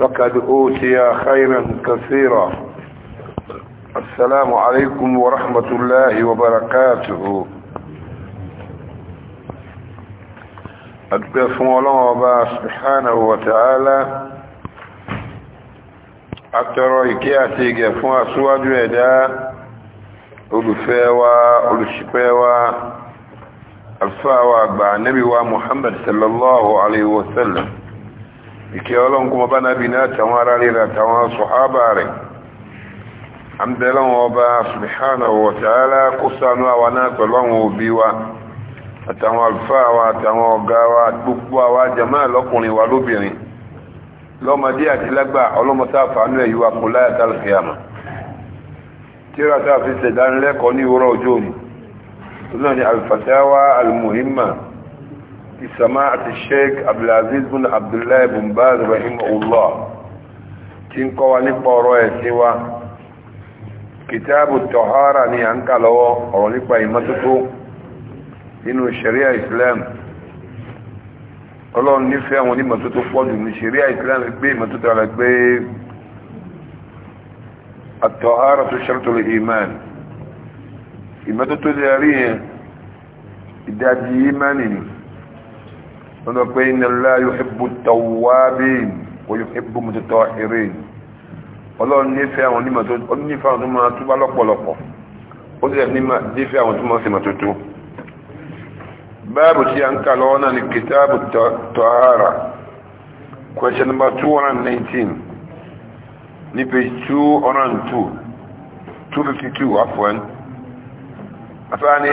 فقد اوتي خيرا كثيرا السلام عليكم ورحمة الله وبركاته أدبث الله سبحانه وتعالى أكثر ويكياتي جفوها سوى ويدا ألفاوى ألشفاوى ألفاوى أبع النبي ومحمد صلى الله عليه وسلم ìkẹ́ ọlọ́run kọmọ bá nábi ní àtàwọn ará rí àtàwọn sọ̀hábà rẹ̀ àmdẹ́lọ́wọ́ ọba subhanahu wa ta'ala kó sánú àwa náà pẹ̀lú àwọn òbí wa àtàwọn àlùfáà wa àtàwọn ọ̀gá wa gbogbo àwa jàmáà lọ́kùnrin wa lóbìnrin lọ́mọdé àti lágbà ọlọ́mọsáfàánú بسماعة الشيخ عبد العزيز بن عبد الله بن باز رحمه الله تين قواني قروي سوا كتاب الطهارة ني انك لو قواني قيمتكو nínú ṣẹ̀ríà islam ọlọ́run nífẹ́ àwọn onímọ̀tótó pọ̀jù ní ṣẹ̀ríà islam gbé ìmọ̀tótó ara gbé àtọ̀hárà tó ṣẹ́rọ̀tọ̀ lè iman ìmọ̀tótó lè rí yẹn ìdajì imani ni sọ́dọ̀ pé inna Allah yuhibbu tawwabin wa yuhibbu mutatahhirin ọlọ́run nífẹ̀ẹ́ àwọn onímọ̀ tó ó lọ́pọ̀lọpọ̀ ó sì nífẹ̀ẹ́ àwọn tó máa ṣe mọ́tótó báàbù tí a ń kà lọ́wọ́ náà ni kìtàbù tọ́hárà question number 219 ní afwan afẹ́ ni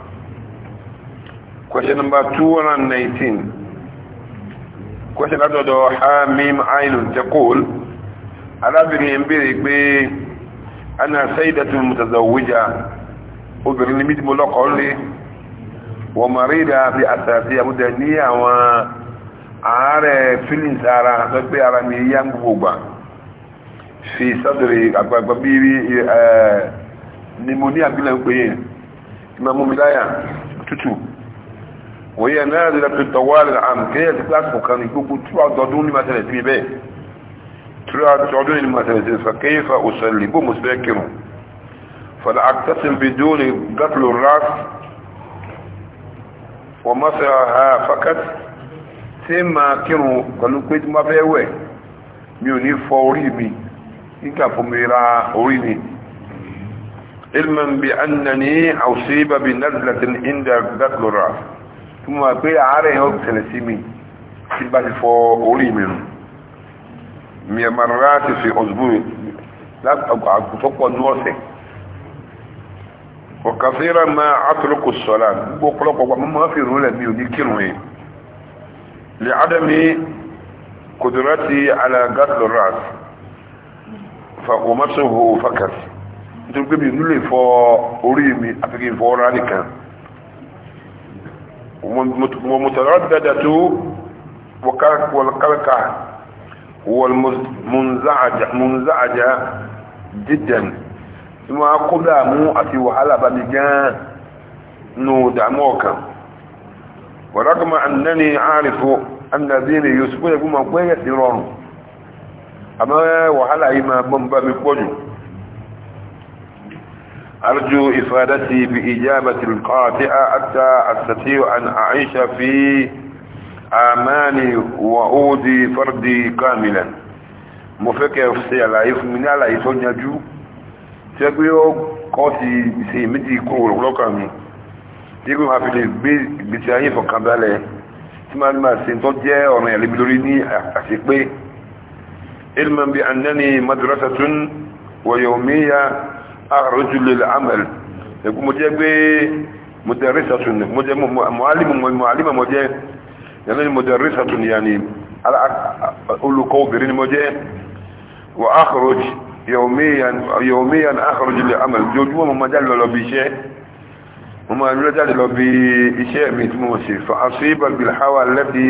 question number 219 question látọ̀dọ̀ hamim ainun taqul arábìnrin ń bèèrè pé ana sayyidatun mutazawwija obìnrin ni mídìmọ̀ lọ́kọ̀ọ́ lé wọ marida bí àtàtì àmúdẹ ní àwọn ààrẹ feelings ara sọ pé ara mi yá ń gbogbo gbà fi sọ́dọ̀rì àgbàgbà bí ni mo ní àbílẹ̀ ń pè é ìmọ̀ mú mi láyà tútù وهي نازلة طوال العام كي تكلاسكو كان يقول ترى تدوني مثلا في بيه ترى تدوني مثلا فكيف أسلب مستكر فلا أقتسم بدون قتل الرأس ومسعها فقط ثم كنوا قالوا كويت ما بيوه ميوني فوري بي إنك فميرا أوريني علما بأنني أصيب بنزلة عند قتل الرأس tí mo wà pé àárẹ̀ yẹn ó tẹ̀lẹ̀ sí mi tí bá ti fọ orí mi nù mi ẹ̀ máa rárá ti fi ọ̀dùnmú mi àgùntọ́pọ̀ ní ọ̀sẹ̀ ọ̀kàfẹ́ra máa àtúrọ̀kù sọ̀rọ̀ gbogbo ọ̀pọ̀lọpọ̀ pa mọ́mọ́ fi rún mi ò ní kírun yẹn lè ádámì kòtòrátì alágàtòrát fàkùmọ́sọ̀hó fàkàtì nítorí pé mi ò ní orí mi àfikún ìfọwọ́rá nìkan ومترددة والقلقة والمنزعج منزعجة جدا ثم أقول مو أتي وحالة بلجان نو دعموك ورغم أنني عارف أن الذين يسكون يقوم بغير سرار أما وحالة إما بمبا بقوجه أرجو إفادتي بإجابة القاطعة حتى أستطيع أن أعيش في آماني وأودي فردي كاملا مفكر في العيف من العيف نجو تقول قوتي سيمتي كور لوكامي تقول ما في بيتعين فقبالي تما ما سنتوجه ونعلم يعني بدوريني أحسيقبي علما بأنني مدرسة ويومية àròjù lè amẹ́lì ẹ̀kú mo jẹ́ pé mo jẹ́ rẹ́sàtún mo jẹ́ mọ̀álìmọ̀ mo jẹ́ yẹnlẹ́ ni mo jẹ́ rẹ́sàtún yà ni olùkọ́ obìnrin ni mo jẹ́ wà àròjù yọ̀ọ́míyàn àròjù lè amẹ́lì jojúmọ́ mo jáde lọ bí iṣẹ́ mo máa lọ jáde lọ bí iṣẹ́ mi tí mo ṣe fa asíbà bilhawa lẹ́bi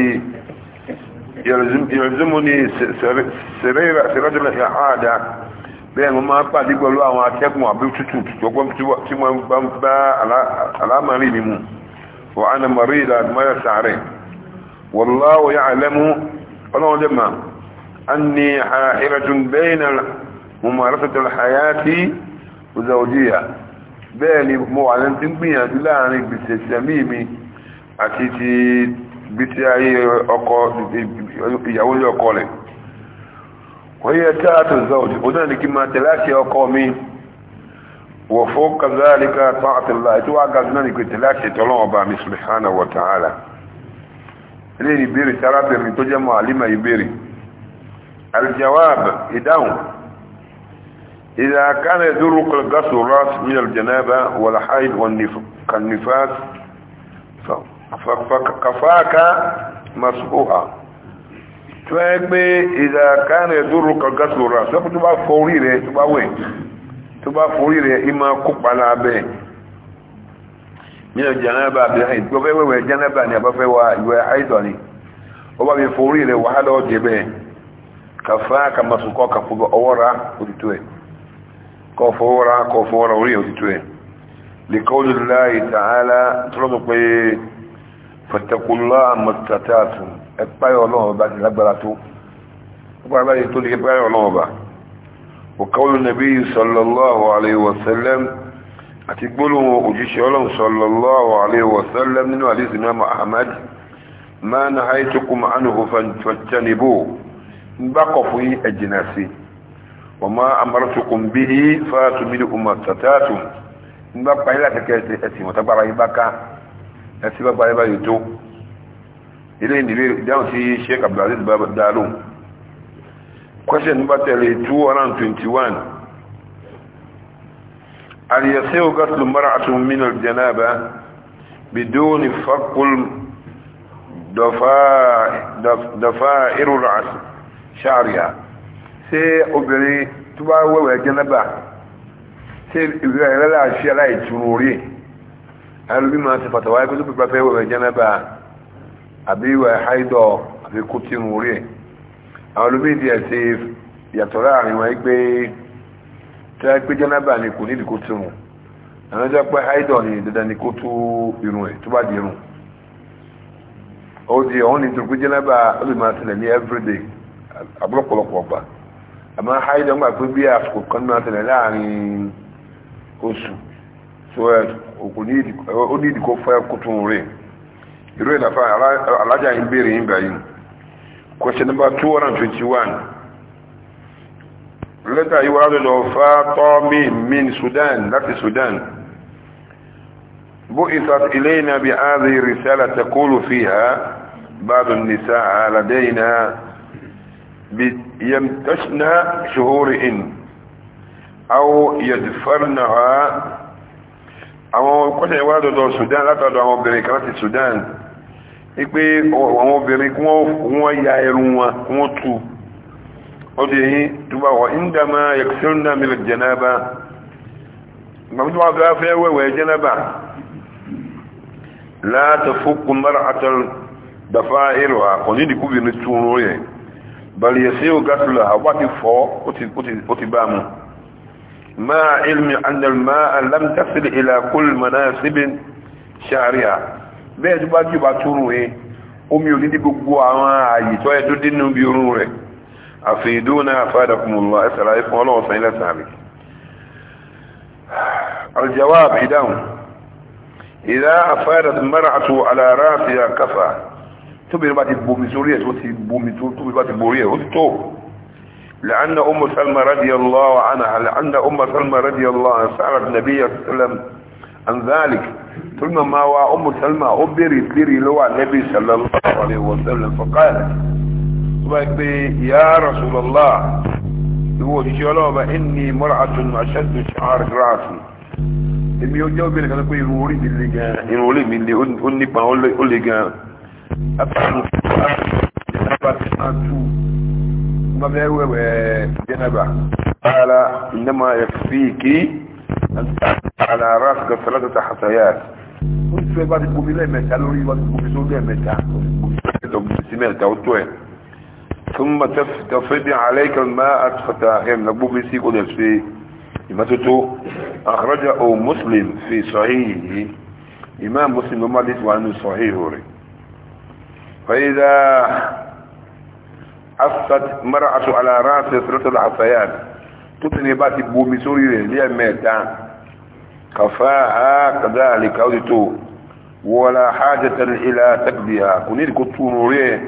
يلزمني سريرة سرجل إعادة bẹ́ẹ̀ mo máa pàdé pẹ̀lú àwọn akẹ́kùn àbí tútù tí wọ́n bá alámàrí ni mú wà á na marí ìdàdìmáyà sàárẹ̀ wàláwò yá àlẹ́mú ọlọ́wọ́n jẹ́ ma a ní ìrẹ̀tún bẹ́ẹ̀nà mọ̀mọ̀rẹ́sẹ̀tẹ̀ hayati zaujiya bẹ́ẹ̀ ni mo wọ́n yẹ tára tó zọ́ọ̀jù ó náà ní kí máa tẹ̀lé àṣẹ ọkọ mi wọ̀ fún kazalika ta'atillah tó wá gàdú náà ní kí tẹ̀lé àṣẹ tọ́lọ́ ọba mi subhanahu wa ta'ala ilé ìbéèrè sárábìnrin tó jẹ́ mọ́ àlímà ìbéèrè aljawab ìdáhùn إذا كان يدرك القصر الرأس من الجنابة والحيض والنفاس فكفاك مسؤها tó ẹ gbé ìdàkánì ẹ̀dúró kankan sòrò àti tó bá forí rẹ̀ tó bá wẹ̀ tó bá forí rẹ̀ ìmọ̀ kópa lábẹ́ bí i tó fẹ́ wẹ̀wẹ̀ wa ìwẹ̀ àìdọ̀ ni ó bá forí rẹ̀ wàhálà ọ̀jẹ̀ bẹ́ẹ̀ òtútù ẹ̀ orí òtútù ẹ̀ láì tààlà ẹ̀páyọ̀ ọlọ́run ọba ti lágbára tó ọgbàrá báyìí tó lè ẹ̀páyọ̀ ọlọ́run ọba òkàwọ́lù nàbí sallallahu alayhi wa sallam àti gbólóhùn òjíṣẹ́ ọlọ́run sallallahu alayhi wa sallam nínú àdísì mẹ́mọ́ ahmad máa na haytukum anhu fajtanibu ń bá kọ̀ fún ẹ̀jìnà sí wa ma amartukum bihi fáàtú ẹ̀sìn bá ká báyìí tó ilé ìdìbò ìdáhùn sí sheik abdulaziz bá dálóhùn question nígbà tẹ̀lé 221 àríyàsẹ́ ogaslu mara àtún min aljanaba bidoni fakul dọ̀fà irúra ṣàríà ṣé obìnrin tó bá wẹ̀wẹ̀ jẹ́nàbà ṣé ìwé ẹ̀rẹ́lá ṣe aláìtúrú rí ẹlùmí máa ti fàtàwáyé kó tó pípa fẹ́ wẹ̀wẹ̀ jẹ́nàbà àbí ìwẹ̀ haidọ̀ àbí kú tí mú rí ẹ̀ àwọn olómìnì ẹ̀sẹ̀ yàtọ̀ láàrin wọn pé tí a pé jẹ́nàbà ni kò nídìí kó tí mú àwọn ọjọ́ pé ni dandan ni kó tú irun ẹ̀ tó bá di irun ó di ọ̀hún ni tó pé jẹ́nàbà ó lè máa tẹ̀lẹ̀ ní everyday àbúrọ̀pọ̀lọpọ̀ ọgbà àmọ́ haidọ̀ gbà pé bí àsìkò kan máa tẹ̀lẹ̀ láàrin oṣù tó ẹ̀ fẹ́ rí ẹ̀ irú ìlàfà alájà yìí bèèrè yìí báyìí question number two hundred and twenty-one lẹ́tà yìí wà lọ́dọ̀ Fátómì min Sudan láti Sudan بعثت إلينا بهذه الرسالة تقول فيها بعض النساء لدينا يمتشن شهورهن أو يدفرنها أو كل عواد دور السودان لا تدعو بريكرات السودان ipe àwọn obìnrin kí wọ́n ya ẹrù wọn kí wọ́n tú ó di èyí túbà wọ́n ìndàmà yẹ̀kùsírùndà mílẹ̀ jẹ́nàbà gbàmí tó wà bá fẹ́ wẹ̀wẹ̀ jẹ́nàbà láti fúkún mara àtàl dàfà ìrọ̀wà kò ní ìdíkúbìnrin tún lórí ẹ̀ bàlì yẹ̀sí ò gásùlà ti fọ́ ó ti bá mu máa ilmi annal máa lam tasil ila kul manasibin shari'a bẹ́ẹ̀ tó bá kí ìbá túrùn ẹ omi ò ní dí gbogbo àwọn ààyè tó ẹ tó dé nínú bí orun rẹ̀ àfihìdó náà fàdàkùnmùlọ ẹsẹ̀lá ẹfún ọlọ́wọ́ sàn ilẹ̀ sàárì aljawab ìdáhùn ìdá àfáàdà tó àtò alára àti àkàfà tóbi لأن أم سلمة رضي الله عنها لأن أم سلمة رضي الله عنها النبي صلى عن ذلك ثم ما وأم سلمة أبري بيري لو النبي صلى الله عليه وسلم فقالت يا رسول الله هو جلوب إني مرأة أشد شعار رأسي èmi ó jẹ́ obìnrin kan pé irun orí mi le gan irun orí mi le ó nípa ó le gan apáàrùn ìjẹnàbà tí máa tú wọ́n fẹ́ wẹ̀wẹ̀ ìjẹnàbà ara ìnáma ẹ̀fí kìí على راسك ثلاثة حصيات كنت في بعض الكوفي لا يمتع لوري بعض الكوفي سوء لا يمتع سمعت وطوين ثم تفضي عليك الماء فتاهم نبو نبوبي سيكو نفسي أخرج أو مسلم في صحيحه إمام مسلم وما ليس عنه صحيح فإذا أصت مرأة على رأس ثلاثة حصيات tó ti ní bá ti bomi sórí rẹ̀ ní ẹ̀mẹ́ta kàfá àkàdá àlèkà ó ti tó wọ́la hajjata ilá tẹ́gbìyà kò ní ìdíkò tún orí ẹ̀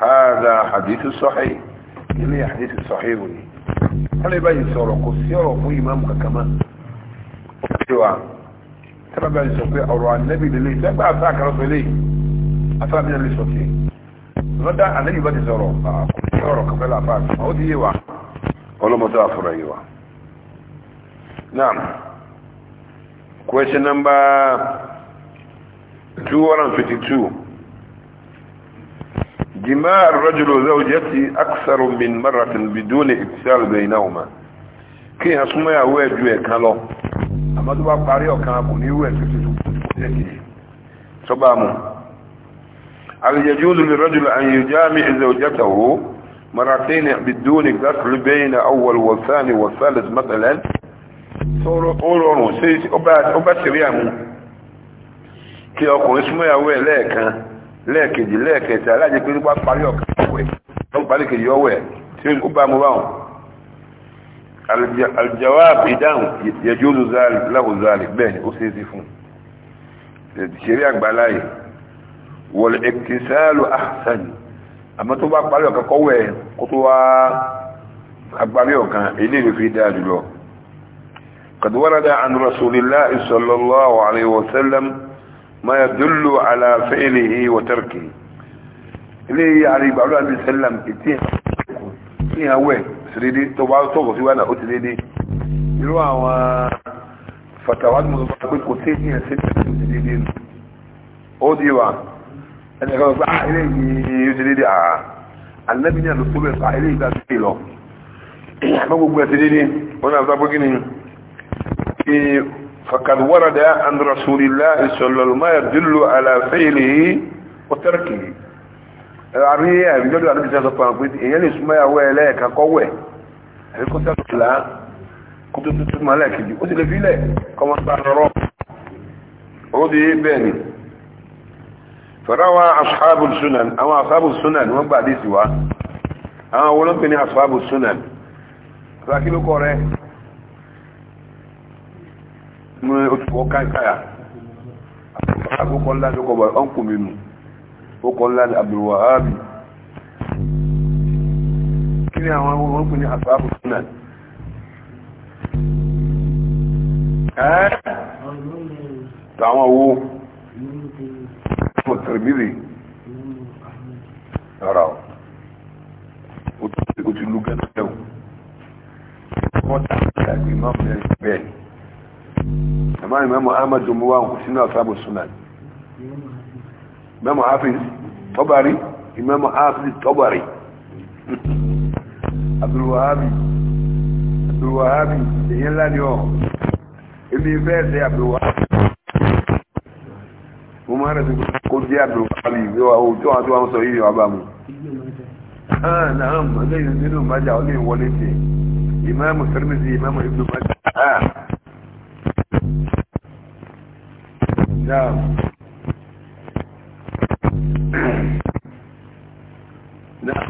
hádà hadithu sahih ilé hadithu sahih rò ní wọ́n báyìí sọ̀rọ̀ kò sí ọ̀rọ̀ fún ìmáàmù kankama ó ti wà tẹ́lá bá sọ pé ọ̀rọ̀ sọ̀rọ̀ ọlọ́mọdé àfúrà yìí wa naam question number 252 جماع الرجل وزوجته أكثر من مرة بدون اتصال بينهما كي هسمى يوه جوه كان له أما دوا قاري وكان أبوني يوه سبامو هل يجوز للرجل أن يجامع زوجته مرتين بدون غسل بين اول والثاني والثالث مثلا ọrọ̀rùn sí ọba tìríàmù kí ọkùnrin súnmọ́ ìyàwó ẹ̀ lẹ́ẹ̀kan lẹ́ẹ̀kejì lẹ́ẹ̀kẹta aláàjẹ́ pé nípa parí ọ̀kan ọwẹ́ wọ́n parí kejì ọwẹ́ tí ó bá mú báwọn aljawab ìdáhùn yẹjú láhùzáàlì bẹ́ẹ̀ ó sì sí fún ṣeré àgbáláyé wọ̀lẹ̀ ẹ̀kẹsàálù ahsan àmọ́ tó bá parí ọ̀kan kọ́wọ́ ẹ̀ kó tó wá agbárí ọ̀kan ilé rẹ̀ fi dáa jùlọ قد ورد عن رسول الله صلى الله عليه وسلم ما يدل على فعله وتركه ilé àrí ìgbàlú àbí sẹ́lẹ̀m ìtí ìhàn wẹ̀ sírídí tó bá tọ́kọ̀ sí wánà ó ti dédé irú àwọn fatawa tó mọ̀ tó pé kò sí ẹnìkan gbà ilé ah, yìí ó ah, ah, ti dédé àá alẹ́bí ní àlùkò bẹ̀ fà ilé ìgbà sí lọ àmọ́ gbogbo ẹ̀ ti dédé wọn náà sábọ́ kí ni فقد ورد عن رسول الله صلى الله عليه وسلم ما يدل àrí ẹ̀rìndọ́dọ̀ àdúgbò sẹ́sọ fún àwọn pé èyàn lè súnmọ́ ìyàwó ẹlẹ́ẹ̀kan kọ́wẹ̀ àbí tó farawa ashabul sunan àwọn ashabul sunan wọ́n gbà dé síwá àwọn olóńpẹ̀ ní ashabul sunan sákìlókọ rẹ̀ ní òtùkọ́ káyà àkókò ńlá tó kọ̀bọ̀ ọkùnmínú ókọ̀ ńlá ní Abdul Wahhab kí ni àwọn olóńpẹ̀ ní ashabul sunan ẹ́ tàwọn owó tìrìmìrì ara ọ̀ ó ti lú gẹ́gẹ́ lẹ́wọ̀ wọ́n ta àgbàgbé ìmáàmù yẹn bẹ́ẹ̀ ni àmọ́ ìmáàmù ahmadu muwa kò sínú àsábò súnà ìmáàmù hafiz tọ́bàrí ìmáàmù hafiz tọ́bàrí abdulwahabi abdulwahabi èyí ńlá ni ọ̀ èmi fẹ́ ṣe abdulwahabi mo máa rẹ̀ sí kó jẹ́ àgbẹ̀wọ̀kálì tí wọ́n tí wọ́n sọ yìí wà bá mu. Ah, náà lẹ́yìn nínú ìmájà ó lè wọlé tẹ̀ ìmáàmù sẹ́rẹ́mìsì ìmáàmù ibnu májà. Ah. náà náà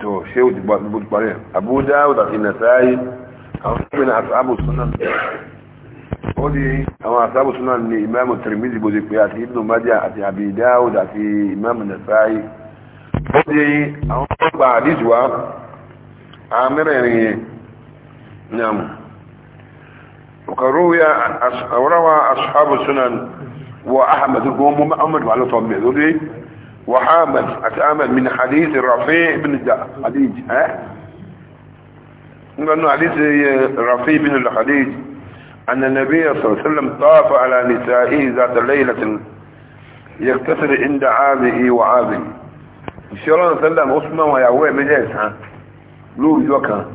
tó ṣé o ti parí àbúdá ìnàsáyé àwọn ìpínlẹ̀ àti àbùsùn náà. قولي اما اصحاب سنن امام الترمذي بذكر ياتي ابن ماجه ابي ابي داود في امام النسائي قولي او بعد جوا عامر يعني نعم وقروا روى اصحاب سنن واحمد بن محمد وعلى طب قولي وحامد اتامل من حديث الرفيع بن الخديج ها نقول حديث الرفيع بن الخديج أن النبي صلى الله عليه وسلم طاف على نسائه ذات ليلة يقتصر عند عابه وعابه الشيء الله صلى الله عليه وسلم أسمى ويعوه مجلسها لو يوكا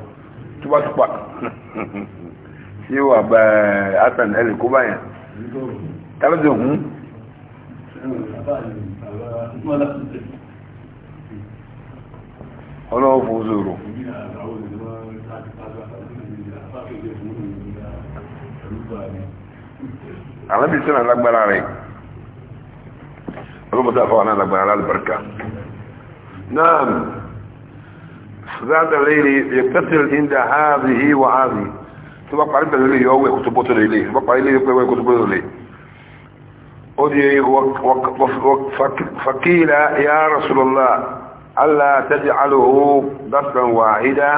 تبا تبا سيوا بأسن أهل كوبايا تبدو ọlọ́wọ́ fún òṣèrò alábi sínú alágbára rẹ̀ ọlọ́mọdé àfọwọ́n alágbára alábàríkà náà sọ́dọ̀ léèrè yẹ̀kẹ́tìl ìndà ààbì ìwà ààbì tó bá parí pẹ̀lú ilé yọ́wọ́ ẹ̀kùtùbọ́tò lè bá parí ilé pẹ̀lú ẹ̀kùtùbọ́tò lè ó di fakíla ya rasulullah allah taj'aluhu dasran wahida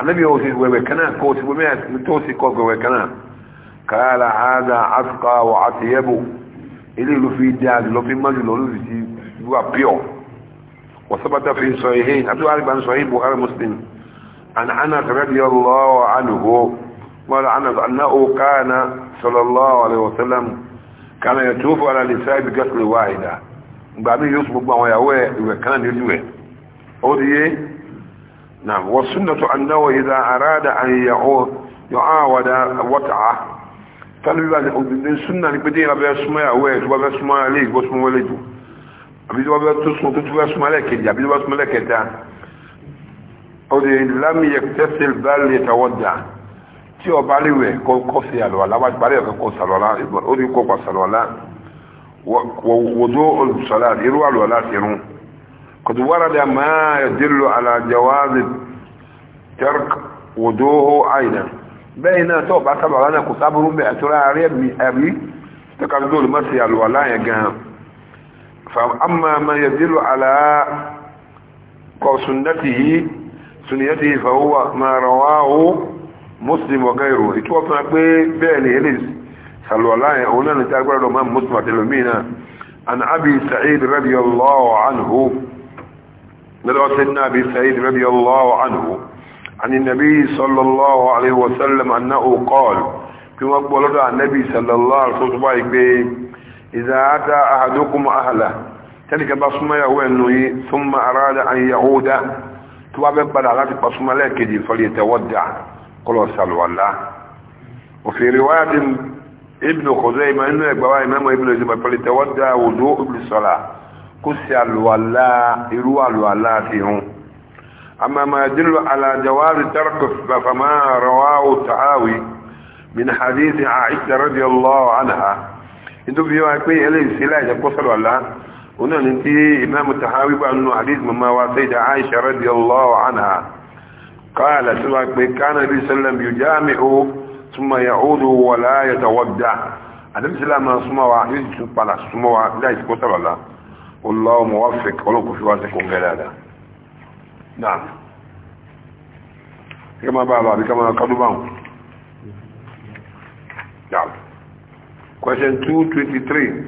النبي هو وكنا كوت بمئة توسي كوت وكنا قال هذا أفقى وعطيب إلي لو في ديال لو في مجل لو في دوا بيو وثبت في صحيحين أبدو عارف عن صحيح بخاري مسلم عن أنس رضي الله عنه قال أنس أنه كان صلى الله عليه وسلم كان يتوف على نساء بقتل واحدة بعدين يصبح ما يهوى وكان يدوي أوديه نعم والسنة أنه إذا أراد أن يعود يعاود وطعه تلبي من سنة بديرة بأسماء ويش وبأسماء ليك واسم ولده أبي دوابا تسمو تتو أسماء لك أبي دوابا أسماء لك لم يكتسل بل يتودع tí o bá léwẹ̀ kó fi àlọ́lá wájú bá léwẹ̀ kó sàlọ́lá ó ní kó pa ولا wòdó olùsọ́lá irú àlọ́lá ti قد ورد ما يدل على جواز ترك وضوه عينا بين توبة سبع لنا كتابر بأسرع عريب أبي تقردوا المسيح الولاء يقام فأما ما يدل على سنته سنيته فهو ما رواه مسلم وغيره يتوفى بين إليس سالولاء أولا نتاقبر لهم مسلم وتلمينا عن أبي سعيد رضي الله عنه ندعو سيدنا أبي سعيد رضي الله عنه عن النبي صلى الله عليه وسلم أنه قال كما قال النبي صلى الله عليه وسلم إذا أتى أحدكم أهله تلك بصمة يهوى ثم أراد أن يعود توابع بلغات بصمة لكدي فليتودع قل صلوا الله وفي رواية ابن خزيمة إنه يقبوا إمام ابن خزيمة فليتودع وضوء بالصلاة kó sí àlùwàlá irú àlùwàlá fi hun أما ما يدل على جواز ترك فما رواه التعاوي من حديث عائشة رضي الله عنها انتو في يواكي إليه سلاح يقصر ولا هنا ننتهي إمام التحاوي بأنه حديث مما واسيد عائشة رضي الله عنها قال سواكي كان النبي صلى الله عليه وسلم يجامع ثم يعود ولا يتودع أدم سلام سموا حديث سموا لا يقصر ولا والله موفق ولو في واسكم جلالا نعم كما بابا كما قدبان نعم question 223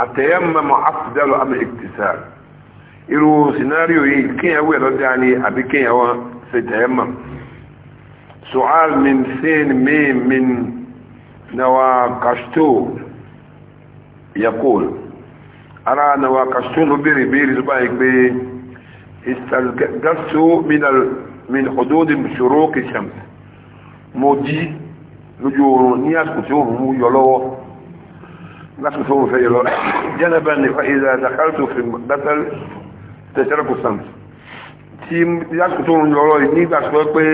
التيمم افضل ام الاكتسال irú scenario yìí kíyàn wé lọ́dá ní àbí kíyàn wọ́n ṣe tẹ̀yẹ́mọ̀ سؤال من سين ميم من نواكشتو يقول ara ànàwà kàṣún ló bèèrè bèèrè tó báyìí pé ìsàgásó min ọdọ́dẹ ṣòro kìsàm mo jí lójú oorun ní àsìkò tí òun mú yọ lọ́wọ́ lásìkò tí òun fẹ́ yọ lọ́wọ́ jẹ́nàbà ní ìzà àtàkàrùtò fi bátàlì tẹ̀sẹ̀rẹ̀kù sàm tí lásìkò tí òun yọ lọ́wọ́ nígbà sọ pé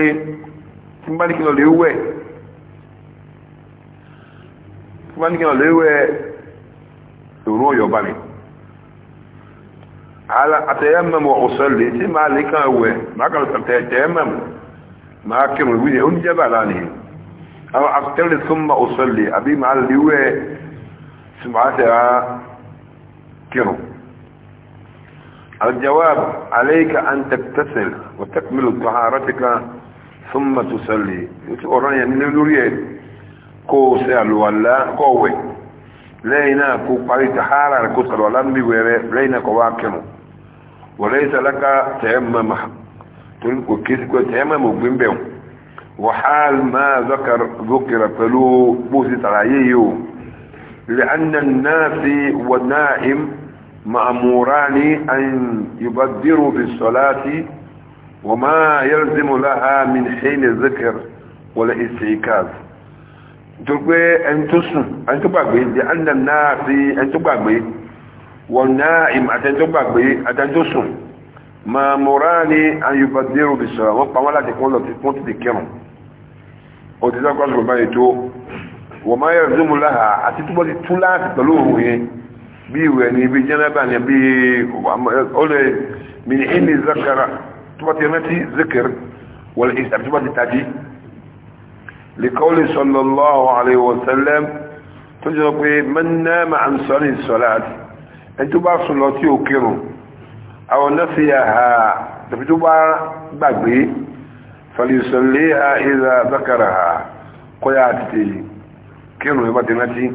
tí bá ní kí lọ lè wẹ̀ tí bá ní على أتيمم وأصلي تما لك هو ما قال أتيمم ما كان ويدي أن أو أفتر ثم أصلي أبي مع اللي هو سمعتها كنو الجواب عليك أن تكتسل وتكمل طهارتك ثم تصلي يتقرن يعني نوريه كو سألو ولا كوي لينا كو قريت حالا كو سألو ولا مبيوه لينا كو واكنو وليس لك تيمم تلك كيسك تيمم وبنبهم وحال ما ذكر ذكر فلو بوسي ترايه لأن الناس والنائم مأموران أن يبدروا بالصلاة وما يلزم لها من حين الذكر ولا استيكاز تلك أن تسن أن تبقى لأن الناس أن تبقى والنائم أتنتبع به أتنتسن ما مراني أن يبدروا بالصلاة وقام ولا تقول لك كنت ذكرهم وتذكر قصر بيته وما يلزم لها أتتبع تلات بلوه بيو يعني بجنبا بي أولي من حين الذكر تبع تنتي ذكر والإسلام تبع تتاتي لقول صلى الله عليه وسلم تجرب من نام عن صلاة الصلاة ẹni tó bá sùn lọ tí ò kírun àwọn nọ́ọ̀sì àhà tàbí tó bá gbàgbé fàlìsọ̀lẹ́ àìzà zákàrà kọ́yà àti kírun ìbá ti rántí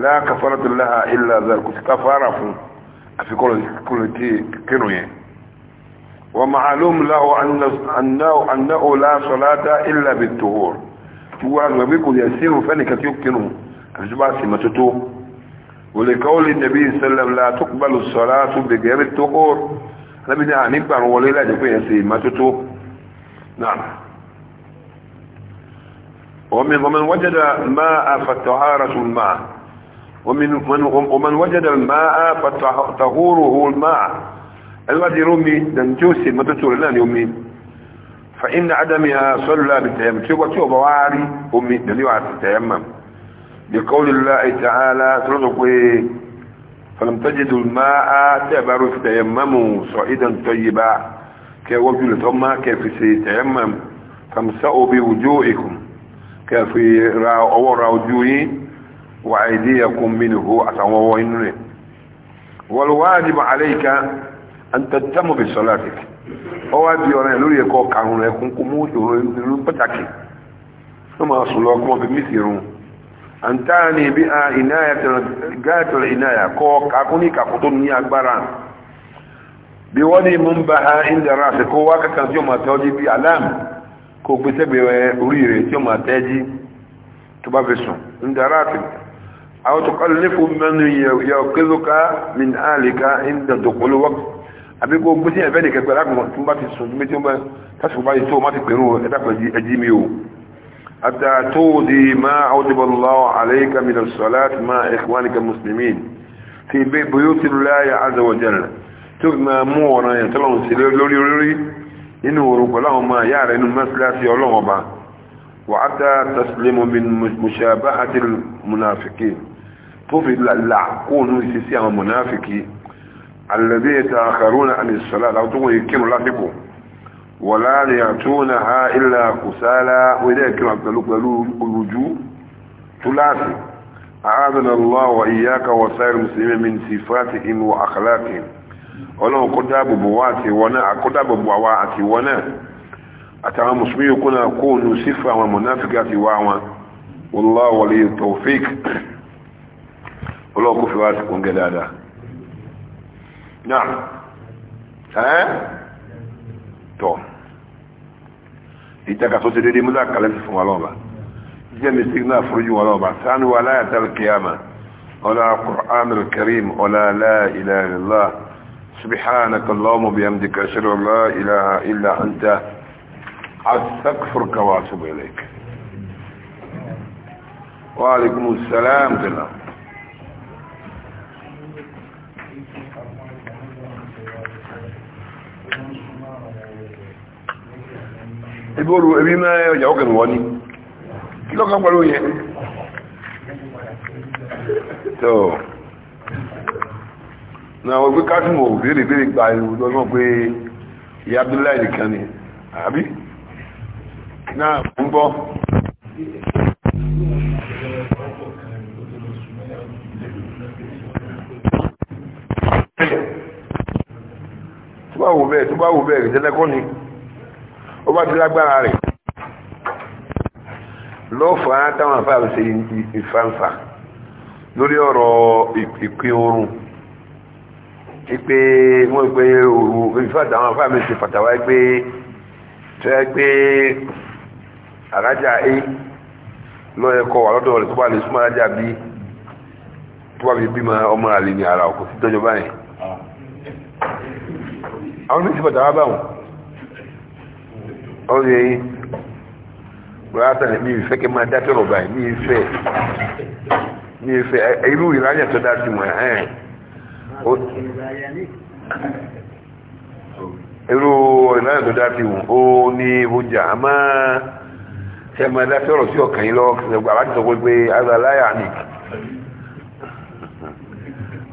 láàkàfàrà tó láà ilà zákò sí káfàrà fún àfikọ́lọ̀ tí kírun yẹn wọ́n ma'alum láwọ́ annáwó lásọ̀látà ilà ولقول النبي صلى الله عليه وسلم لا تقبل الصلاة بغير الطهور لمن يعني بان وليلا جبين سي ما تتو نعم ومن ومن وجد ماء فالطهارة الماء ومن ومن وجد الماء فطهوره الماء الوادي يرمي دنجوسي ما تتو لنا يومي فإن عدمها صلى بالتيمم شو بواري أمي دنيوات التيمم بقول الله تعالى سلطقه فلم تجدوا الماء تعبروا فتيمموا صعيدا طيبا كوجل ثم كيف سيتيمم فامسأوا بوجوهكم كيف راو وجوهي وأيديكم منه أتوا وإنه والواجب عليك أن تتم بصلاتك هو بيونا لوري يكون كانوا يكون كموت يكون بتاكي ثم أصلوا بمثيرون an ne bi a inayatul inaya ko kakuni kakutun ni agbara bi wani mun ba ha inda rasi ko waka kan tí mata oji bi alam ko gbèsè bẹ̀rẹ̀ orí rẹ̀ tí o ma fi inda rasi a wata kallifu mẹ́nu ka min alika inda dukulu wa àbí ko gbèsè ẹ̀fẹ́ nìkẹ́ pẹ̀lú àkùnmọ̀ tó ti حتى تودي ما عودب الله عليك من الصلاة مع إخوانك المسلمين في بيوت الله عز وجل تغنى مورا يتلون سليل لولي لولي إنه رب لهم ما يعلى إنه مسلا في علوم وحتى تسلم من مشابهة المنافقين توفي لعقون يسيسي المنافقين الذين يتأخرون عن الصلاة لو تقول يكينوا لا تقول ولا يأتونها إلا كسالى وإليك ربك الوجوه ثلاثي أعاذنا الله وإياك وسائر المسلمين من صفاتهم وأخلاقهم ọlọ́run kó dáàbòbò wá àti wọná àkódáàbòbò àwa àti wọná àtàwọn musulmi yóò kúnnà kóònù sífà àwọn mọ̀náfíkà àti wá wọn wallahu wali tawfiq ọlọ́run kó fi ìtakaso ti dédé múlá kalẹ́sì fún wa lọ́ba jẹ́ mistake náà fúrújú wa lọ́ba sáánù wa láyà tàbí kìyàmà ọlá kùrán alkarim ọlá láìláìlá سبحانك اللهم بيمدك أشهد أن لا إله إلا أنت أستغفرك وأتوب إليك وعليكم السلام ورحمة الله ìbòrò ẹbí mẹ́rin ọjà ó kẹ̀mù wọ́n ní kí lọ́kàn pẹ̀lú yẹn tó na wọ́n gbé kásìmọ̀ òbèrè bèrè gba ìrùdọ́ náà pé ìyá abdullahi nìkan ni àbí náà ń bọ́ tó bá wò bẹ́ẹ̀ tó bá wò bẹ́ẹ̀ tẹ́lẹ́kọ́ ni ó bá ti lágbára rẹ̀ lọ́fàá táwọn afáàlù ṣe ìfàǹfà lórí ọ̀rọ̀ ìpín oorun ipe wọ́n pe òru ìfàǹfà àwọn afáàlù ṣe fàtàwá pé tẹ́ pé àrájà a lọ́yẹ̀kọ́ wà lọ́dọ̀ rẹ̀ tó bá lè súnmọ́ àrájà b tó bá fi bímọ ọmọ àlè ní ara ọkọ̀ sí tọ́jọ báyìí àwọn méjì fàtàwá báwọn ọ̀rọ̀ yẹn rárá ni mi fẹ́ kí n máa dá tọrọ báyìí mi fẹ́ mi fẹ́ irú ìráyà tó dá sí wọn ẹ̀ irú ìráyà tó dá sí wọn ó ní oúnjẹ àmọ́ ṣe máa dá tọrọ sí ọkàn yín lọ́wọ́ àbájọ sọ pé azaláyà ni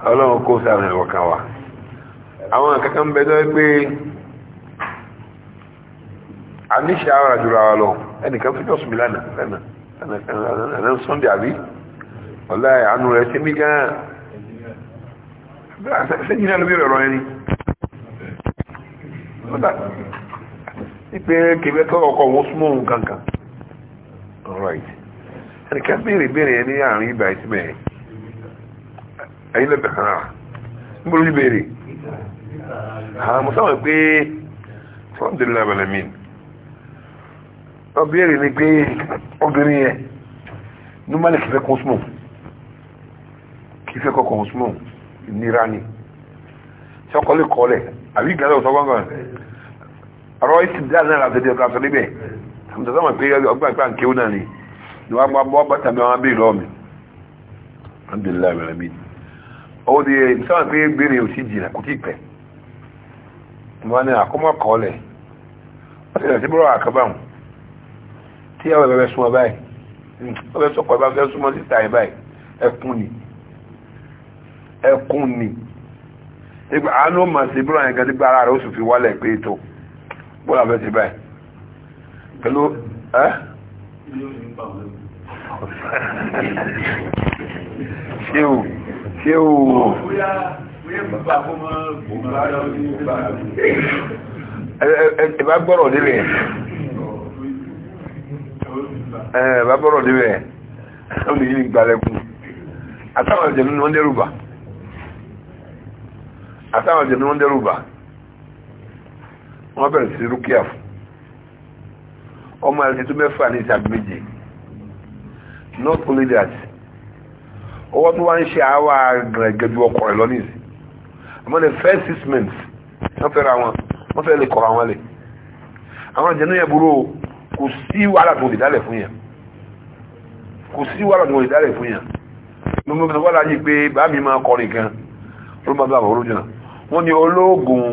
ọlọ́run kó sàrìn ọ̀kan wa àwọn kankan bẹ́ẹ̀ tó yẹ pé. a ní ara jùlọ ara lọ ẹnìkan fi jọ́sùn mi lánàá àbí àánú rẹ̀ ọbẹ̀rẹ̀ ni pé obìnrin yẹn normally kìí fẹ́ kọ́ small kìí fẹ́ kọ́kọ́ small ìnira ni tí ọkọ̀ lè kọ́ lẹ̀ àbí ìgbàlẹ̀ ọ̀sán gbọ́ngàn ọ̀rọ̀ ìsìn díà náà láti ẹ̀dẹ̀ ọ̀sán níbẹ̀ àmì sọ́mọ̀ pé ọgbà ìpá ń kéwú náà ni ni wọ́n gbọ́ bọ́ bàtà mi wọn bí lọ́ọ̀ mi alhamdulilayi rẹ̀ mi ọwọ́ di sọ́mọ̀ pé béèrè ò sí jìnà kò tí ì pẹ́ wọn ni àkọ́mọ́ kọ́ lẹ̀ wọ́n ti rẹ̀ sí bọ́rọ̀ tí ẹwà bẹ̀rẹ̀ súnmọ́ báyìí ọbẹ̀ sọ̀kọ̀ bá fẹ́ súnmọ́ síta ẹ̀ báyìí ẹkùn ni ẹkùn ni ìgbà àánú mà sí búrọ̀ yẹn kẹ́tí gbára rẹ̀ ó sì fi wálẹ̀ pé tó bọ́lá fẹ́ sí báyìí pẹ̀lú ẹ́ ṣé o ṣé o ẹ bá gbọ́rọ̀ nílẹ̀ ẹ̀ bá bọ́rọ̀ níbẹ̀ ó ní yìí gbalẹ̀kùn àtàwọn àjẹ̀nú ni wọ́n dẹ́rù bà àtàwọn àjẹ̀nú ni wọ́n dẹ́rù bà wọ́n bẹ̀rẹ̀ sí rúkìá fún ọmọ ẹ̀rẹ́ tó mẹ́fà ní ìsàbí méje not only that ọwọ́ tó wá ń ṣe àwa gẹ̀gẹ̀dù ọkọ̀ rẹ̀ lọ́nìí àmọ́ the first six months wọ́n fẹ́ra wọn wọ́n fẹ́ lè kọ̀ àwọn lè àwọn àjẹ̀nú yẹn burú kò sí wàhálà tó lè dálẹ̀ fún yẹn kò sí wàrà ni wọ́n ìdálẹ̀ fún yàn gbogbo mi wọ́n láyé pé bá mi máa kọrin kan ló máa bá àwọn olójúnà wọ́n ní olóògùn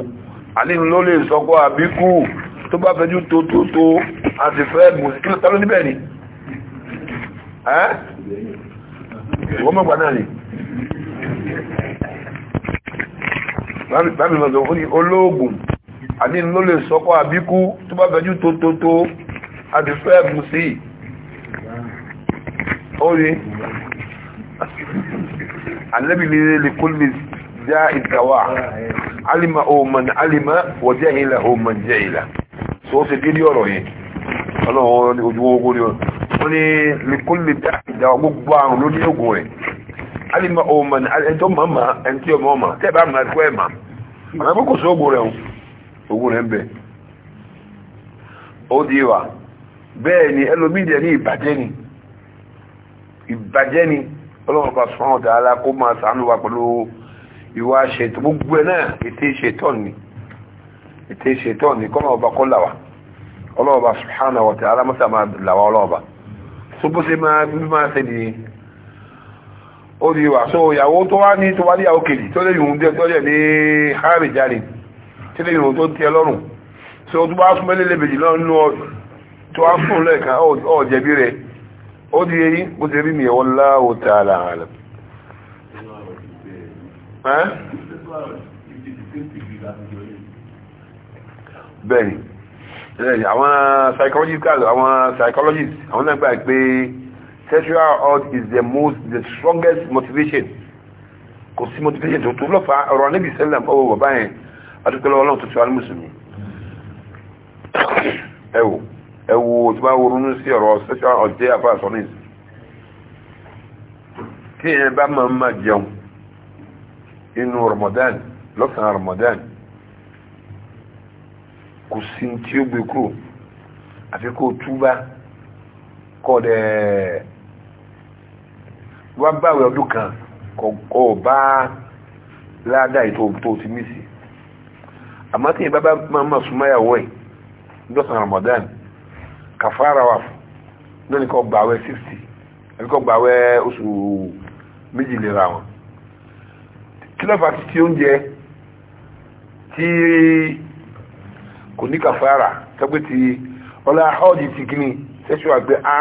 àníni ló lè sọ́kọ́ àbíkú tó bá fẹjú tó tó tó àti fẹ́ gbòsí kí ló tán ló níbẹ̀ ni wọ́n mọ̀gbà náà ni láàrín mọ̀gbà ní olóògùn àníni ló lè sọ́kọ́ àbíkú tó bá fẹjú tó tó tó àti fẹ́ gbòsí oye annabi ne li ja'id izawa alima o man alima wa jahila o man jahila so se gidi ọ̀rọ̀ yi ọlọ́wọ́ ní ojú ogun ni wọ́n ni li kulli gbogbo àrùn ló ní ogun rẹ̀ alima o man ẹjọ́ mama ẹn tí mọ̀ ẹ̀kọ́ sí ogun rẹ̀ ogun rẹ̀ ń bẹ ó di wa bẹ́ẹ̀ ni ẹlòmídìí ní ni ìbàjẹ́ ni ọlọ́run bá sọ àwọn ọ̀dàlá kó máa sàánú wa pẹ̀lú ìwà ṣètò gbogbo ẹ̀ náà ètè ṣètò ni ètè ṣètò ni kọ́nà ọba kọ́ là wá ọlọ́run bá subhanahu wa ta'ala mọ́sà máa là wá ọlọ́run bá so bó ṣe máa bí máa ṣe nìyẹn ó di wà so ìyàwó tó wá ní tó wá níyàwó kejì tó lè yùn dé tó lè ní hárì jáde tó lè yùn tó ń tiẹ lọ́rùn so tó bá súnmọ́ lélẹ́bẹ̀jì lọ́nà tó wá fún lẹ́ẹ̀kan ọ̀jẹ̀bí rẹ̀ ó di èyí bó ti rí ní ẹ̀wọ́n láwọ́ tààlà ààlẹ̀ bẹ́ẹ̀ni àwọn psychological àwọn psychologists àwọn náà gbà pé sexual health is the most the strongest motivation kò sí motivation tó tó lọ́fà ọ̀rọ̀ níbi sẹ́lẹ̀m ọwọ́ bàbá yẹn àtúkọ́lọ́wọ́ náà tó tó wá ní mùsùlùmí ẹ̀wọ̀ tí bá ronú sí ọ̀rọ̀ special ọ̀jẹ́ afáàsọ́nìs kí ẹ bá máa máa jẹun inú Ramadan lọ́sàn-án Ramadan kò sí tí ó gbé kúrò àfi kó túbá kọ́ dẹ̀ wá báwẹ̀ ọdún kan kọ̀ bá ládàá ètò tó ti mí sí àmọ́ tí ìbá bá máa máa súnmọ́ ẹ̀ lọ́sàn-án Ramadan kàfàrà wà fún lónìí kọ́ gbàwẹ̀ sixty àbí kọ́ gbàwẹ̀ oṣù le wọn kí lọ́fà ti ti oúnjẹ tí kò ní kàfàrà tẹ́gbẹ́ ti ọlá ọ́ọ̀dì ti kìíní sẹ́ṣù àgbẹ̀ á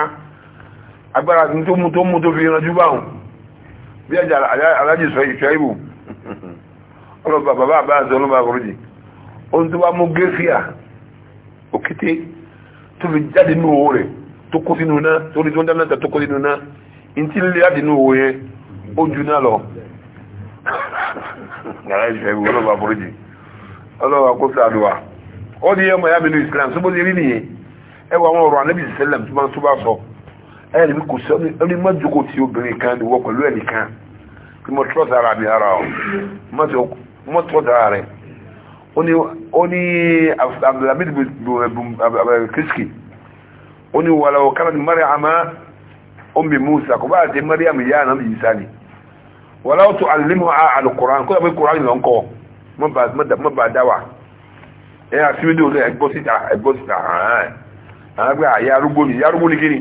agbára tó mú tó mú tó fi ranjú báwọn alaji ẹjà alájì sọ ìṣọ́ ìbò ọlọ́ba bàbá àbáyà sọ ọlọ́ba àkọrọ́jì ohun tó bá mú gẹ́fìà òkété tó fi jáde nínú owó rẹ̀ tó kó sínú náà torí tó ń dáná ta tó kó sínú náà n tí lè jáde nínú owó yẹn ó ju náà lọ. yàrá ìfẹ́ ìwé ọlọ́wà àforíjì ọlọ́wà kó sàánú ó ní ọmọ ìyá mi ní Islam tó bó ti rí nìyẹn ẹ wọ àwọn ọ̀rọ̀ anábì sẹ́lẹ̀m tó máa tó bá sọ ẹ ẹ̀rí kò sí ọdún mọ́jọ́kọ̀ tí obìnrin kan ni wọ́ pẹ̀lú ẹnìkan kí mo tọ́ sára mi ara ọ mọ́tò tọ́ sára rẹ̀ oni oni abdulhamid kriski ó ní wàlàwọ̀ kánàdì mariam omi musa kò bá àti mariam yá àná yìí sáni wàlàwọ̀ tó alìmọ̀ alìkùrán kó yàgbé kùrán lọ ń kọ́ mọ́ bá dáwà ẹ àti wíńdò lọ ẹgbọ́ síta ẹgbọ́ síta ààrẹ àgbà yarúgbó ni yarúgbó ni kíni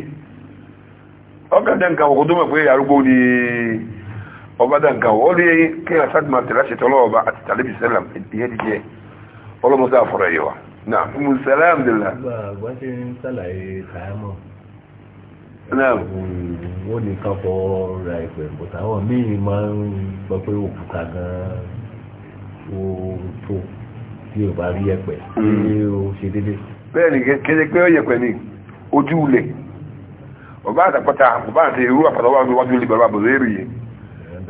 ọgádà nǹkan ọkọ̀ tó mọ̀ pé yarúgbó ni ọbádà nǹkan ó rí kí ẹ sáàtì máa tẹ̀lá ṣètọ́lọ́ ọba àti tàlẹ́bì sẹ́lẹ̀m ìyẹ́ ti jẹ́ ọlọ́mọsá àfọ̀rọ̀ yìí wa náà mùsàlẹ̀ àmdìlá. bá a ṣe ń ṣàlàyé kàámọ̀ náà wọ́n ní ká fọ ra ìpè bùtà wọn míì máa ń gbọ́ pé òkúta gan-an ó tó tí ò bá rí ẹ̀pẹ̀ tí hmm. ó ṣe déédéé. bẹ́ẹ̀ ni kéde pé ó yẹ̀pẹ̀ ni ojú ulẹ̀ ọba àtàpàtà ọba àti irú àpàtà wà ní wájú ilé bàbá àbòrò èrè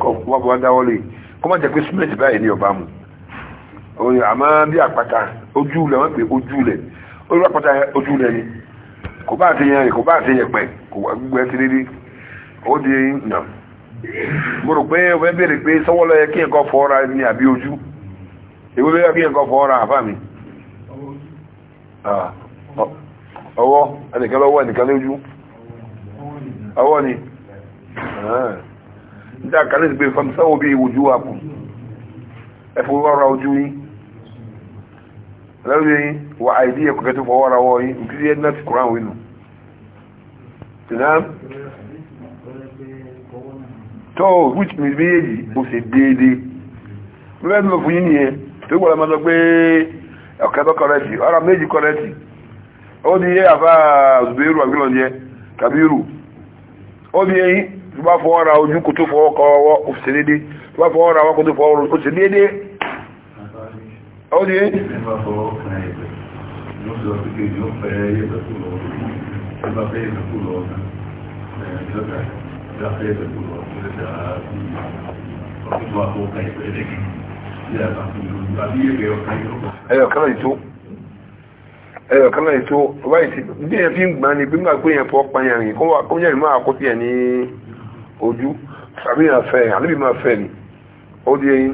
kọ́ wọ́n bọ́ dáwọ́lé kọ́ má jẹ́ pé súnmẹ́tì báyìí ní ọba mu oye àmọ́ bí àpáta ojú ilẹ̀ wọ́n pè ojú ilẹ̀ orí àpáta ojú ilẹ̀ ni kò bá àti yẹn kò bá àti yẹn pẹ̀ kò gbogbo ẹsẹ̀ dédé ó di nà mo rò pé ọbẹ̀ béèrè pé sọ́wọ́ lọ yẹ kí nǹkan fọ́ ra ni àbí ojú èwo ló yẹ kí nǹkan fọ́ ra àfà mi ah, ọwọ́ ẹnìkan lọ́wọ́ ẹnìkan lójú ọwọ́ ni níta kan ní ti pé fọmísánwó bí ìwòjú wa kù ẹ̀fọ́ wọ́n ra ojú yín lọ́wọ́ yìí wà àìdí ẹ̀kọ́ kẹtù fọwọ́ ara wọ́ yìí nítorí yẹn náà ti tó which means méjèèjì ó ṣe déédéé mo fẹ́ mọ̀ fún yín nìyẹn tó gbọ́dọ̀ máa sọ pé ọ̀kẹ́ kọ́rẹ́tì ọ̀rọ̀ méjì kọ́rẹ́tì ó di yé àfa zubairu àgbélọ̀ yẹ kabiru ó di yé tó bá ojú kò tó fọwọ́ kọ́ ó tó bá kò tó fọwọ́ ó dé ẹ̀yọ̀kánlá ìtó ẹ̀yọ̀kánlá ìtó wáyé tí bí ẹ̀ fi ń gbá ní gbígbà pé yẹn fọ́ pàyàrin kó wà kó yẹ́ ìmọ́ àkótí ẹ̀ ní ojú àbí ìrànfẹ́ àníbìmọ̀ fẹ́ ni ó dé yìí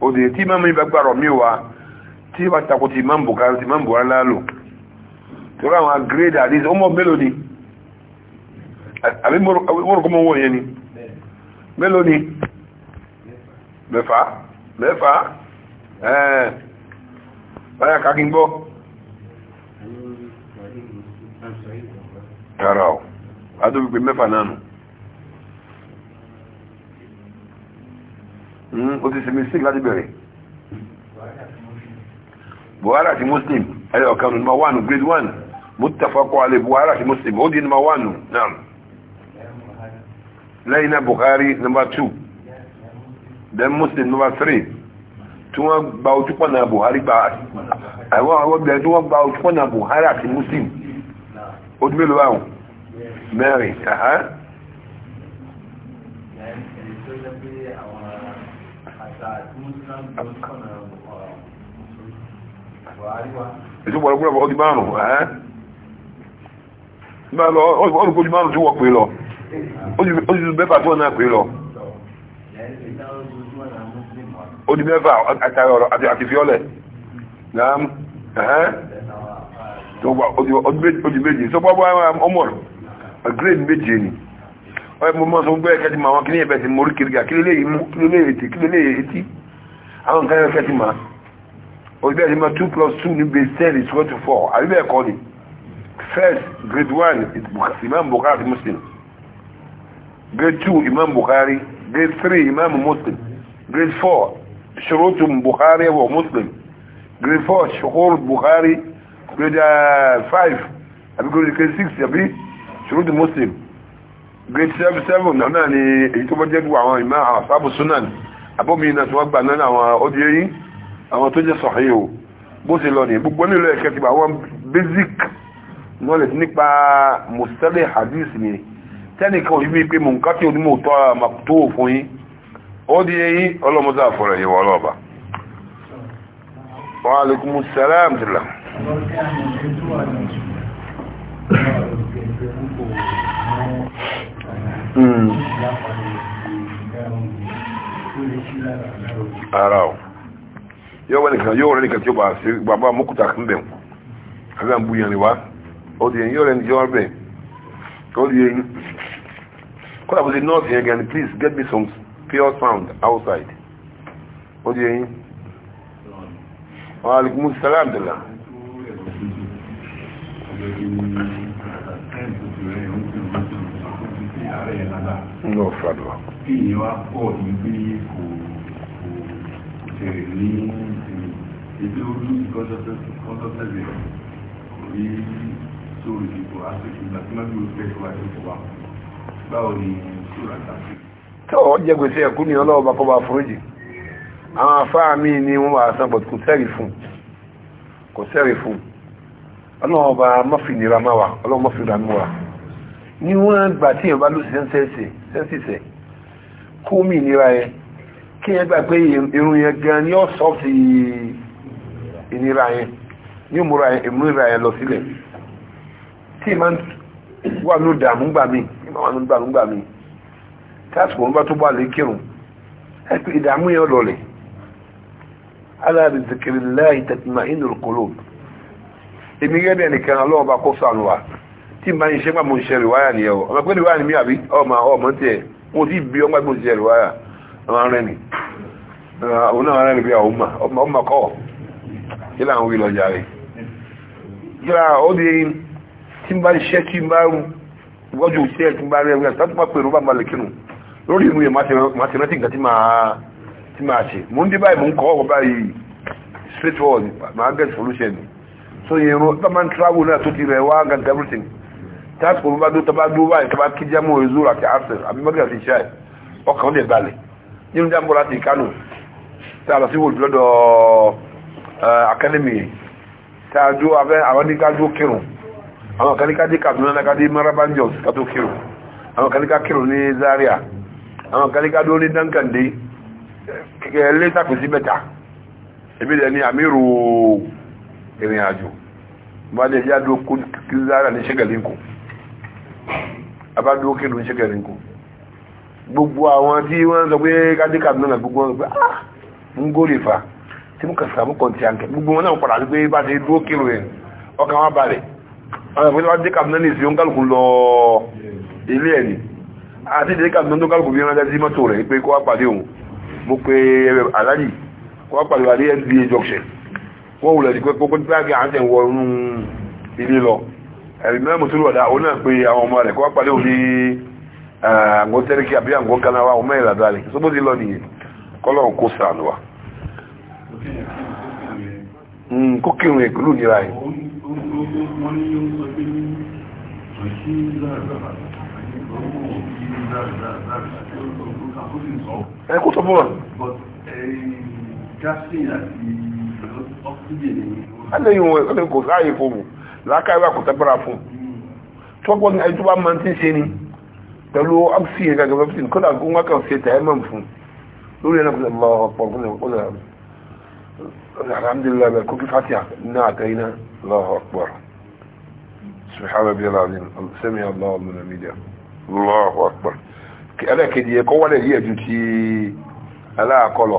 ó di tí mọ́mú ibà gbàrọ̀ mí wa tí wàá takò tí mọ́mú bùkárí tí mọ́mú buhari lálò torí àwọn agrédà àdí ó mọ̀ mélòó ni àbí mọ́rùkọ́ mọ́ wọ̀nyẹn ni mélòó ni mẹ́fà mẹ́fà ẹ̀ẹ́ báyà kákí ń gbọ́ tààrà ọ̀ adóbi pé mẹ́fà náà nù Hmm, ó ti sinmi sí láti bẹ̀rẹ̀ buhari àti muslim ẹ̀yọ̀ kan nù number one grade one muttafaqun alayhi buhari àti muslim ó di number one náà lẹ́yìn náà buhari number two then muslim number three tí wọ́n gba ojúpọ̀ náà buhari gba àwọn àwọn obìnrin tí wọ́n gba ojúpọ̀ náà buhari àti muslim ó dúró lọ́wọ́ mẹ́rin ìtúpọ̀ ọ̀rọ̀ gbọ́nà ọdún márùn-ún ẹ́ ọdún kójú márùn-ún tí wọ́n pè lọ ojú mẹ́fà tó náà pè lọ ojú mẹ́fà àtàrí ọ̀rọ̀ àti fiọ́lẹ̀ ojú méjì sọ́pọ̀ ọmọ grade méjì ni ọmọ fún bẹ́ẹ̀ kẹ́tì ma wọn kí ní ẹ̀bẹ̀ ti mórí kiri ga kí lélẹ́ ìmú kí lélẹ́ ètì kí lélẹ́ ètì àwọn nǹkan ẹ̀rọ kẹ́tì ma òbíbẹ̀ ti ma 2 plus 2 ní base 10 is equal to 4 àbí bẹ́ẹ̀ kọ́ ni first grade 1 imam Bukhari Muslim grade 2 imam Bukhari grade 3 imam Muslim grade 4 ṣòrótù Bukhari wọ Muslim grade 4 ṣòkòrò Bukhari grade 5 uh, àbí grade 6 àbí ṣòrótù Muslim grade seven seven náà ni èyí tó bọ́ jẹ́ gbogbo àwọn ìmọ̀ àwọn sábò sunan abómi iná tí wọ́n gbà náà àwọn ọdí eyín àwọn tó jẹ́ sọ̀hìn o bó ṣe lọ ní gbogbo nílò ẹ̀kẹ́ ti bá àwọn basic knowledge nípa mustali hadith ni tẹ́nìkan òyìn bíi pé mọ̀nká tí onímọ̀ tọ́ àmàkútó fún yín ọdí eyín ọlọ́mọdé àfọ̀rọ̀ yìí wọ́n lọ́ọ̀bà wa alaikumus salam Thank you ara o yóò wọ́n nìkan yóò rẹ̀ nìkan tí ó bá ṣe bàbá mọ́kúta kan bẹ̀ kàgbà ń bu yẹn wá ó di yẹn yóò rẹ̀ ní yọ́ bẹ̀ ó di yẹn kọ́lá bó ṣe nọ́ọ̀sì yẹn gan please get me some pure sound outside ó di yẹn wàhálà mùsùlùmí sàlámdùlà. ní ọ̀fàdùwà. kí ni wá pọ̀ ní pé kò tẹ̀rẹ̀ ní ìpínlẹ̀ olú ìkọ́sọ́sẹ́sẹ̀ kò rí sórí ìdìbò àṣẹkì ìgbàsíwájú ìfẹ́ wa ìfọ̀ wa báwo ni sórí àtàkì. tó ọ jẹ gbèsè ẹkú ni ọlọ́wọ́ bá kọ́ bá foríjì àwọn afáà mi ni wọ́n wà sàn bọ̀ kò sẹ́rì fún kò sẹ́rì fún ọlọ́wọ́ bá mọ́fìnira máa wà ọlọ́wọ́ mọ́fìnira máa wà ní wọ́n gbà tí èèyàn bá lóṣìṣẹ́ ń sẹ́ẹ̀sì sẹ́sìsẹ́ kú mì nira ẹ kí ẹ gbà pé irun yẹn gan ni ó sọ ti ìnira yẹn ní ìmúra yẹn lọ sílẹ̀ tí ìmá wà ní ìdààmú gbà mí ìmá wà ní ìdààmú gbà mí tásìkò ń bá tó bá lè kírun ẹ pé ìdààmú yẹn lọlẹ̀ ala bi zikrillahi tatma'innul qulub èmi gẹ́gẹ́ bí ẹnìkan ọlọ́ọ̀bá kó sànù tí ma ń ṣe pàmò ṣe rìwáyà ni ẹ̀wọ̀ ọmọ pé rìwáyà ni mí àbí ọmọ ọmọ tí ẹ̀ mo ti bí ọmọ pé mo ṣe rìwáyà ọmọ rẹ̀ ni àwọn náà rẹ̀ ni bí àwọn ọmọ ọmọ kọ́ kí láwọn wí lọ́jà rẹ̀ yíra ó di tí n bá ń ṣe tí n bá rú ìwọ́jú sí tí n rẹ̀ rẹ̀ tàbí pàpẹ́ ìrúbà máa lè kírun lórí ìmúyẹ máa ti tí máa ṣe mo ń dé báyìí kọ́ ọ̀rọ̀ straightforward máa solution so yẹn ro tó máa ń travel náà tó ti rẹ̀ wá and everything tásìkò ló bá dó tọ́ba dó báyìí tọ́ba kí jámọ́ ìzúra àti arsenal àbí mọ́gà àti ìṣá ẹ̀ ọkàn lè balẹ̀ nínú jámọ́ láti kánò tá a lọ sí wòlú lọ́dọ̀ eh, akademi tá a dó abẹ́ àwọn nígbà dó kírun àwọn kaníkà dé Kaduna náà kádé marabanjos kátó kírun àwọn kaníkà kírun ní Zaria àwọn kaníkà dó ní dankande kẹkẹ lẹ́tà kò sí mẹ́ta ebi dẹ̀ ní amírù ìrìn àjò bá dẹ̀ yá dó kí Zaria ní ṣẹ́gàlínkù abádúró kí ló ń ṣẹ́kẹ̀rin kù gbogbo àwọn tí wọ́n sọ pé kádíkà náà gbogbo wọn sọ pé ah ń gòrè fa tí mo kà sàmú kàn ti àǹkẹ́ gbogbo wọn náà padà sí pé bá ṣe dúró kí ló yẹn ọkàn wọn balẹ̀ àwọn ìpínlẹ̀ wọn díkà náà nìsí oúnkàlùkù lọ ilé ẹ̀ ni àti díkà náà tó kàlùkù bí wọn lẹ́sí mọ́tò rẹ̀ pé kó wá pàdé òun mo pe eh, aláàjì kó wá pàdé wà ní nba junction wọ́n wùlẹ̀ ní ẹ̀rìmẹ́ mùsùlùmọ̀dá òun náà pé àwọn ọmọ rẹ̀ kọ́ pàdé òní àgbọn tẹ́ríkì àbí àgbọn kanáwà ọmọ ìràdá rẹ̀ tó bó ti lọ nìyẹn kọ́lọ̀n kó sàánù wa hmm, kó kírun ẹ̀ pẹ̀lú ìnira ẹ̀ ẹ kó sọ fún wa. alẹ́ yìí wọ́n kò lákàáyé wà kò tẹ́gbára fún tọ́gbọ́n ní àyíkú bá máa ń tí ń ṣe ni pẹ̀lú ọ́fíìsì yẹn gàgà ọ́fíìsì kódà kó wọ́n kàn ṣe tẹ̀yẹ́ mọ̀ fún lórí ẹ̀nà kọ́sẹ̀ lọ ọ̀pọ̀ kọ́sẹ̀ alhamdulilayi bẹ kókí fatiha ní àtẹ̀yìn Allahu akbar subhanahu wa ta'ala sami Allahu min amidia Allahu akbar ẹlẹ́kejì yẹ kọ́ wálẹ̀ yíyẹ ju ti aláàkọlọ.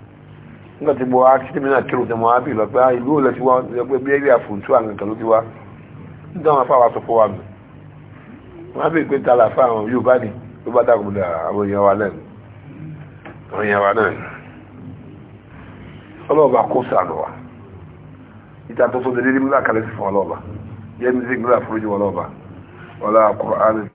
nígbà tí mo wá títí mi náà kírun tẹmọ ábì lọ pé ah, ìlú òlẹ ti wá lọ pé bí ẹrí àfòǹtú àwọn ìtàn ló ti wá nígbà wọn afáwà sọ fún wa mi wọn á bèè pé ta làfa àwọn Yorùbá ni ló bá dàgbò dà ah, àwọn èèyàn wa náà àwọn èèyàn wa náà ọlọ́ọ̀bà kó sànù wa ìta tó sọ dédé nígbà kalẹ̀ sí fún ọlọ́ọ̀bà yẹn ní sí ìgbéra fúrújú ọlọ́ọ̀bà ọlá Kùránì